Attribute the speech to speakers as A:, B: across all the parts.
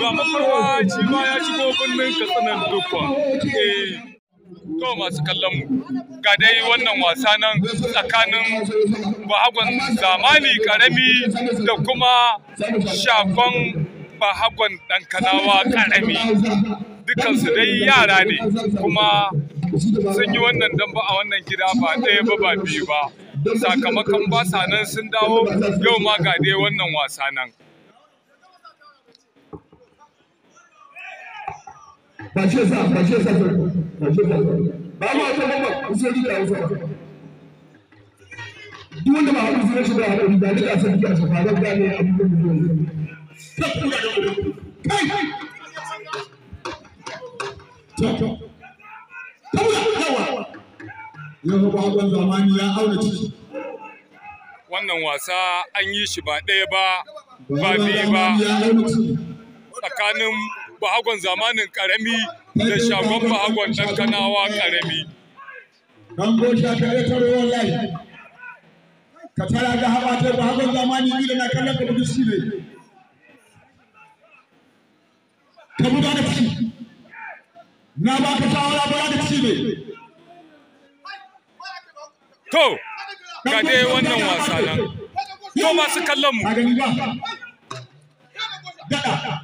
A: ga makarwa ma ya shigo birnin katsinan dukwa eh, to masu kallon mu ga dai wannan wasa nan tsakanin bahagon zamani karami da kuma shakon bahagon ɗankanawa karami dukansu dai yara ne kuma sun yi wannan damba a wannan gida ba ɗaya ba ba biyu ba sakamakon basa nan sun dawo yau ma ga dai wannan wasa nan ba shi yasa ba shi yasa ba ba ba duk ba da ba da wannan wasa an yi shi ba ɗaya ba ba biyu ba tsakanin fahagon zamanin karami da shagon fahagon ɗan kanawa karami. Don gosha ta ya taro wallahi. Ka tara da haɓatar fahagon zamani biyu da na kallon ka bugu shi ne. Ka buga da ci. Na ba ka shawara ba da ci ne. To, ga dai wannan wasa nan. To masu kallon mu. Daɗa.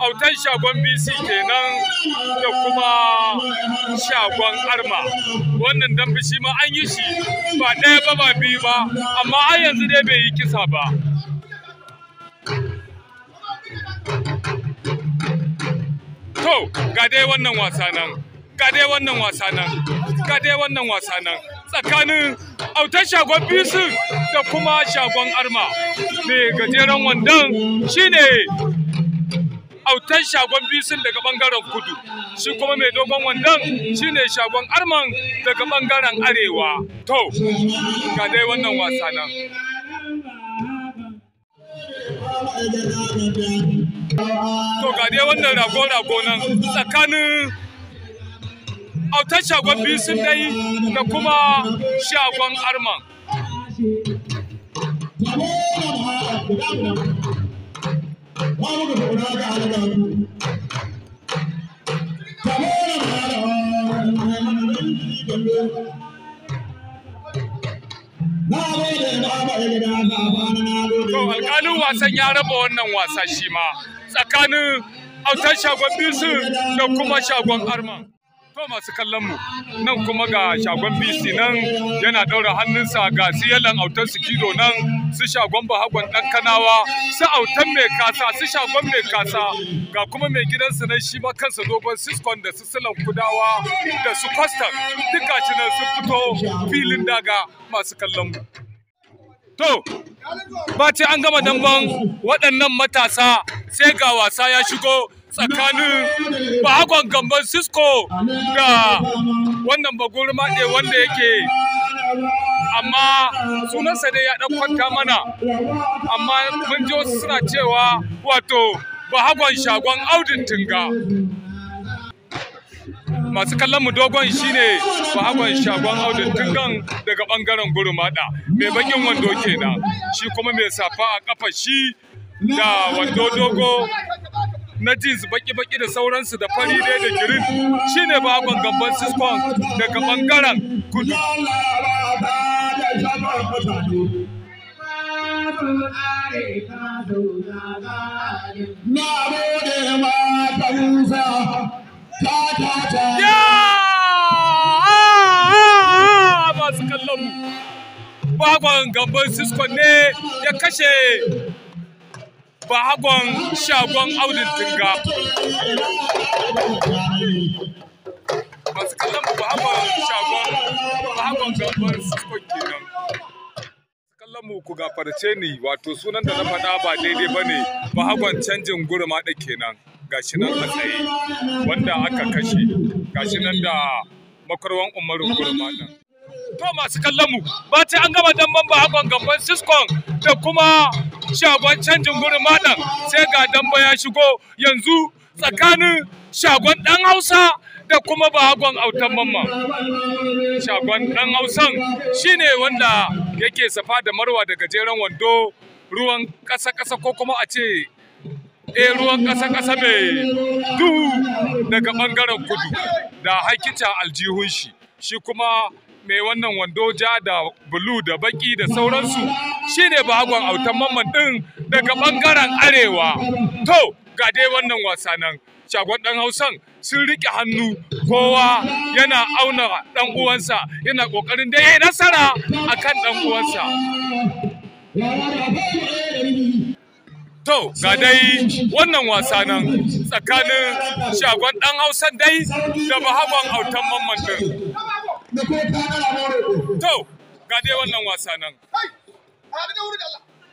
A: autan shagon bc kenan da kuma shagon arma wannan dan shi ma an yi shi ba ɗaya ba ba biyu ba amma har yanzu dai bai yi kisa ba to ga dai wannan wasa nan ga dai wannan wasa nan ga dai wannan wasa nan tsakanin autar shagon bc da kuma shagon arma mai gajeren wandon shine autan shagon bisin daga bangaren kudu shi kuma mai dogon wandan shine shagon arman daga bangaren arewa to ga dai wannan wasa nan to ga dai wannan rago-rago nan tsakanin autan shagon bisin dai da kuma shagon arman Muhammadu ga Kamar alƙalin wasan ya raba wannan wasa shi ma tsakanin autar shagon bisu da kuma shagon arma. To masu kallon mu nan kuma ga shagon BC nan yana daura hannunsa ga siyalan autar su kido nan su shagon bahagon dan kanawa su autan mai kasa su shagon mai kasa ga kuma mai gidansu nan shi ma kansa dogon siskon da su silan kudawa da su kwastar duka shi nan sun fito filin daga masu kallon mu. To, ba ce an gama damban waɗannan matasa sai ga wasa ya shigo tsakanin bahagon gamban Cisco da wannan bagoro maɗe wanda yake amma sunansa ne ya ɗan kwanta mana amma mun ji wasu suna cewa wato bahagon shagon audin tinga masu kallon mu dogon shine bahagon shagon audin tungan daga bangaren gurumada mai bakin wando kenan shi kuma mai safa a kafa shi da wando dogo na jeans baki-baki da sauransu da fari dai da girin shine baban gaban siskon daga bangaren kudu ah, ah, ah, Masu bagon gaban siskon ne ya kashe Ba bahagon shagon aulin dinga masu kallon mu ba bahagon shagon ba bahagon gaban sikon kenan kallon mu ku gafarce ni wato sunan da na faɗa ba daidai ba ne ba bahagon canjin gurma da kenan gashi nan a tsaye wanda aka kashe gashi nan da makarwan umarin gurma nan to masu kallon mu ba ta an gama dan ban bahagon gaban siskon da kuma shagon canjin gurin malam sai ga damba ya shigo yanzu tsakanin shagon ɗan hausa da kuma bahagon autan mamma shagon ɗan hausan shine wanda yake safa da marwa da gajeren wando ruwan ƙasa-ƙasa ko kuma a ce e ruwan kasa kasa mai duhu daga ɓangaren kudu da haikicin aljihun shi shi kuma mai wannan wando ja da bulu da baki da sauransu shine bagon autan mamman din daga bangaren arewa to ga dai wannan wasa nan shagon dan hausan sun rike hannu kowa yana auna dan uwansa yana kokarin da yi nasara akan dan uwansa To, ga dai wannan wasa nan tsakanin shagon ɗan Hausan dai da bahagon autan mamman din. da kuma ta roƙo. To, ga dai wannan wasa nan.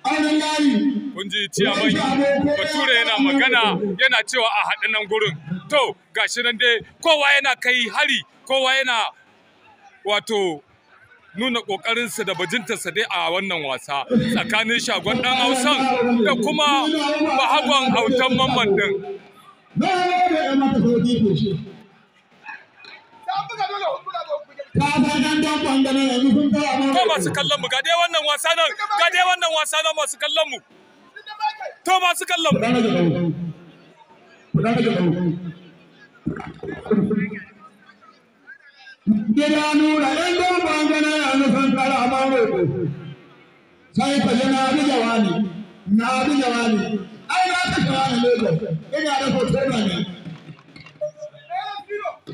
A: Auren Kun ji Bature yana magana yana cewa a haɗa nan gurin. To, ga nan dai kowa yana kai hari, kowa yana wato nuna ƙoƙarinsa da bajintarsa dai a wannan wasa tsakanin shagon ɗan hausan da kuma Mahagon autan mamman ɗin. To masu kallon mu ga dai wannan wasa nan ga dai wannan wasa nan masu kallon mu. To masu kallon mu. Gida nuna ɗan gwamnan gana ya nufin karama roƙo. Sai ka na bi jawani, na bi jawani. Ai na ta jawani Lagos, ina da hoto ne.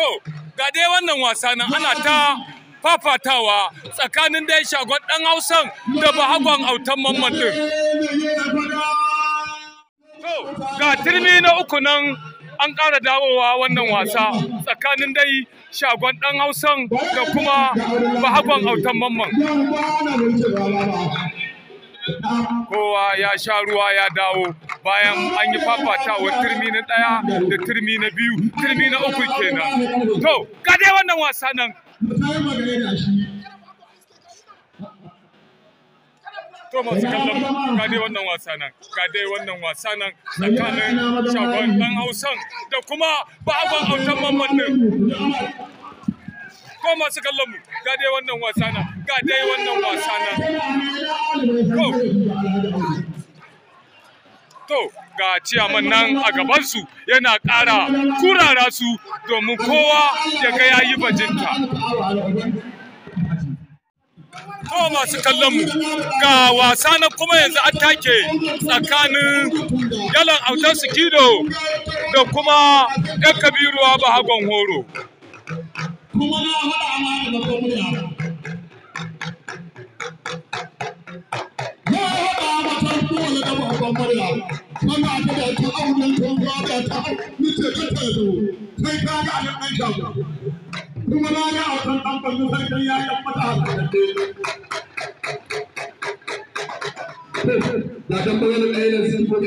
A: to ga dai wannan wasa nan ana ta fafatawa tsakanin dai shagon ɗan hausan da bahagon autan mamman din. To ga turmi na uku nan an ƙara dawowa wannan wasa tsakanin dai shagon ɗan hausan da kuma bahagon autan mamman. Kowa ya sha ruwa ya dawo. bayan an yi wa turmi na ɗaya da turmi na biyu turmi na uku kenan to ga dai wannan wasa nan to masu kallon ga dai wannan wasa nan ga dai wannan wasa nan tsakanin shagon dan hausan da kuma baban hausan mamman din ko masu kallon mu ga dai wannan wasa nan ga dai wannan wasa nan to ga ciyaman nan a gabansu yana ƙara kurara su domin kowa ya ga yayi bajinta To masu kallon mu ga wasa na kuma yanzu an take tsakanin yalan autar sikido da kuma ɗan kabiruwa ba hagon horo. Kuma na faɗa ma da amarya wannan abin da ta auren tuntuwa da ta nace ka ta zo sai ka ga a nan shago kuma am ga a kan ɗan ɓangu sai kai ya yi mata hasarance. Da ta ɓangaren ɗaya da sun ko da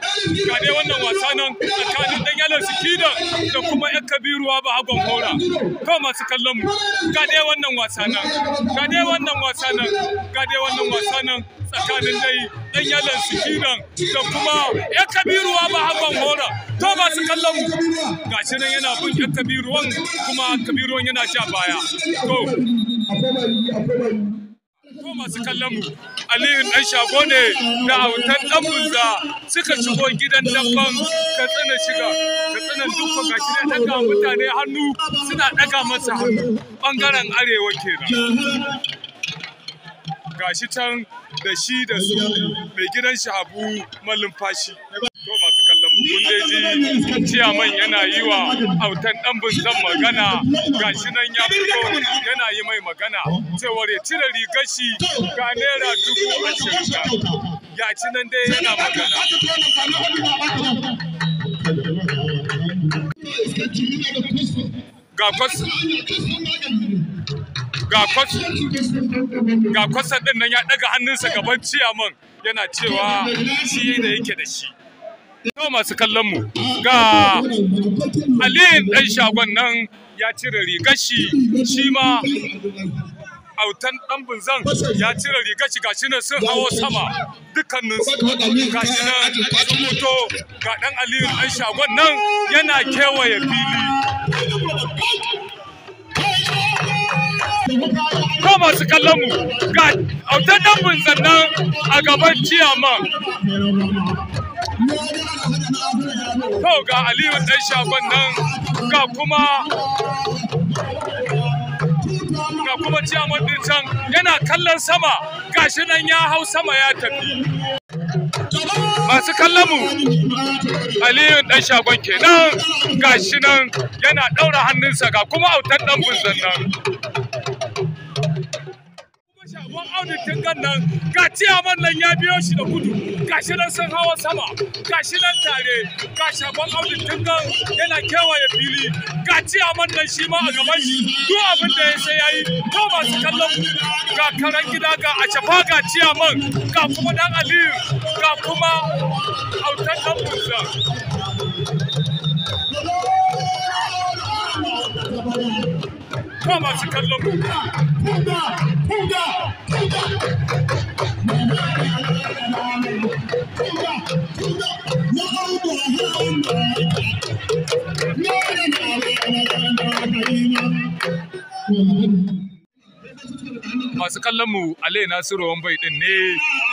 A: ga dai wannan wasa nan tsakanin dan yalan sikida da kuma yan kabiruwa ba hagon kora to masu kallon mu ga dai wannan wasa nan ga dai wannan wasa nan ga dai wannan wasa nan tsakanin dai dan yalan sikidan da kuma yan kabiruwa ba hagon kora to masu kallon mu ga shi nan yana bin yan kabiruwan kuma kabiruwan yana ja baya to akwai akwai ko masu kallon mu aliyu dan shago ne da autan dan bunza suka shigo gidan dabban katsina shiga katsina dukkan gashi ne daga mutane hannu suna daga masa hannu bangaren arewa kenan gashi can da shi da su mai gidan shahabu malumfashi To masu kallon mu kun dai ji ciyaman yana yi wa autan dan zan magana gashi nan ya fito yana yi mai magana oh. cewar ya cire rigar shi ga naira dubu ashirin ya ci nan dai yana magana. Ga kwas ga kwasa din nan ya ɗaga hannunsa gaban ciyaman yana cewa shi da yake da shi. To masu kallon mu ga Aliyu ɗan shagon nan ya cire rigar shi shi ma autan ɗan bunzan ya cire rigar shi gashi ne sun hawo sama dukkanin gashi nan sun mutu ga ɗan Aliyu ɗan shagon nan yana kewaye fili. ko masu kallon mu ga autan dan bunzan nan a gaban ciyaman To ga Aliyu ɗan shagon nan ga kuma ga kuma ciyaman ɗin can yana kallon sama gashi nan ya hau sama ya tafi. Masu kallon mu Aliyu ɗan shagon kenan gashi nan yana ɗaura hannunsa ga kuma autan ɗan bunzan nan. aunin tungan nan ga nan ya biyo shi da gudu shi nan sun hawa sama shi nan tare ga tungan yana kewaye fili ga ciyaman nan shi ma a gaban shi duk abin da ya sai ya yi ko kallon ga karan gida ga a ga ga kuma dan aliyu ga kuma autan dan on, come on, come on. masu kallon mu Ale Nasiru Wambai ɗin ne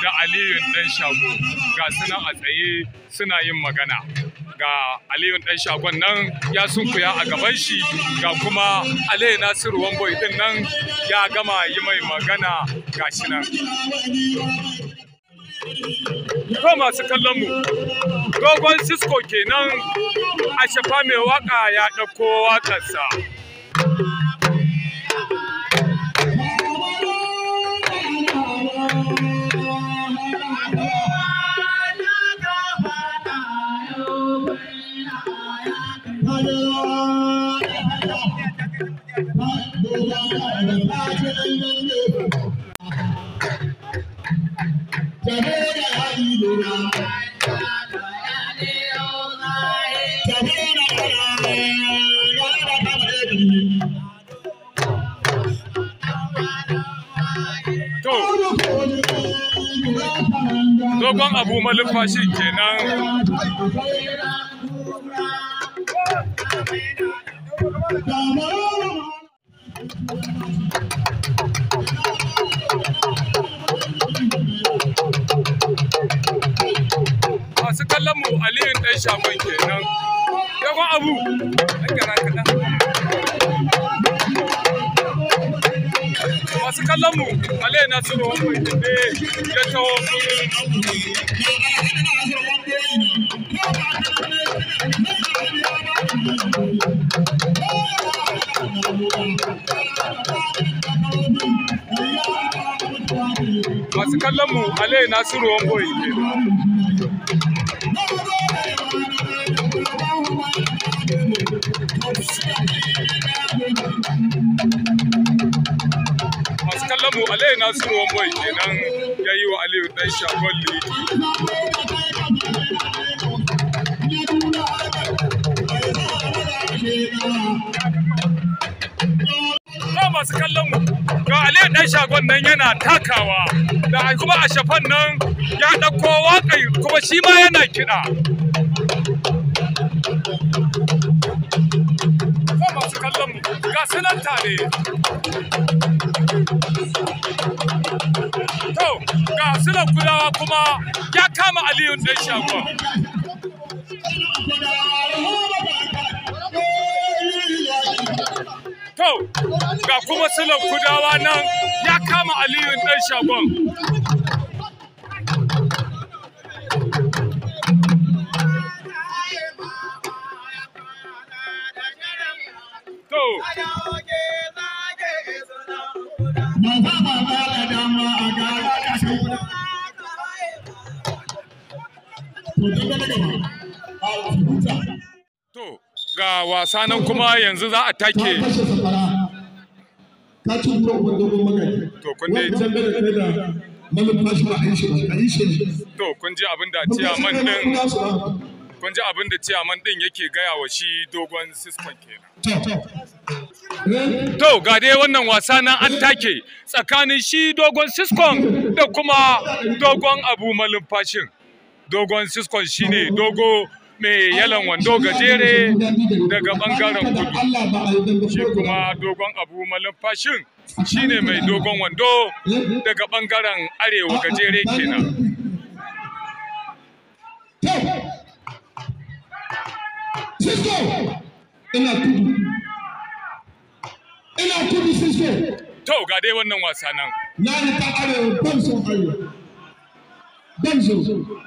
A: da Aliyun dan Shago ga suna a tsaye suna yin magana ga Aliyu dan shagon nan ya sunkuya a gaban shi ga kuma aliyu nasiru wamboy din nan ya gama yi mai magana gashi nan To masu kallon mu dogon Cisco kenan a shafa mai waka ya ɗauko waƙarsa. dogon abu malumfashi kenan kallon mu aliyu dan shaman kenan yawa abu masu kallon mu aliyu na su ruwan ya tawo masu kallon mu wato alayi nasiru wamboi kenan ya yi wa aliyu dan shagon liki ba masu kallon ga aliyu dan shagon nan yana takawa da kuma a shafan nan ya ɗauko waƙai kuma shi ma yana kiɗa tabi. to ga sunan gudawa kuma ya kama Aliyu ɗan shagon to ga kuma sunan gudawa nan ya kama Aliyu ɗan shagon Go! To, ga wasa nan kuma yanzu za a take. To, kun dai. To, kun ji abin da ciya man din. Kun ji abin da ciya man din yake gaya wa shi dogon siskon kenan. To, ga dai wannan wasa nan an take tsakanin shi dogon siskon da kuma dogon abu malumfashin. dogon siskon shine dogo mai yalan wando gajere daga bangaren kudu shi kuma dogon abu malumfashin shine mai dogon wando daga bangaren arewa gajere kenan ina kudu ina kudu sisko to ga dai wannan wasa nan na ta arewa ban so arewa ban so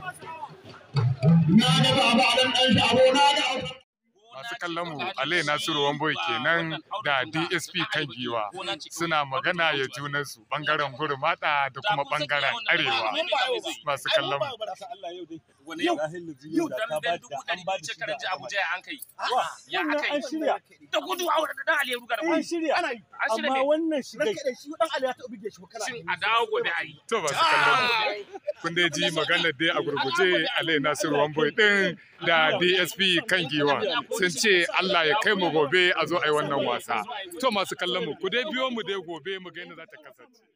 A: na daga ɗan masu kallon mu Ale Nasiru Wamboy kenan da DSP kan giwa suna magana ya junansu su bangaren da kuma bangaren arewa masu kallon mu wani yau yau dan dan dubu dari biyu ce karanci Abuja ya ah, an kai ya aka yi da gudu a wurin dan Aliyu Garba eh, an shirya ana yi an shirya amma wannan shi dai shi dan Aliyu ta ubige shi kana shin a dawo gobe ayi to ba su kallon ah! kun dai ji maganar dai a gurguje Aliyu Nasiru Wamboy din da DSP kan giwa sun ce Allah ya kai mu gobe a zo a yi wannan wasa to masu kallon mu ku dai biyo mu dai gobe mu ga yadda za ta kasance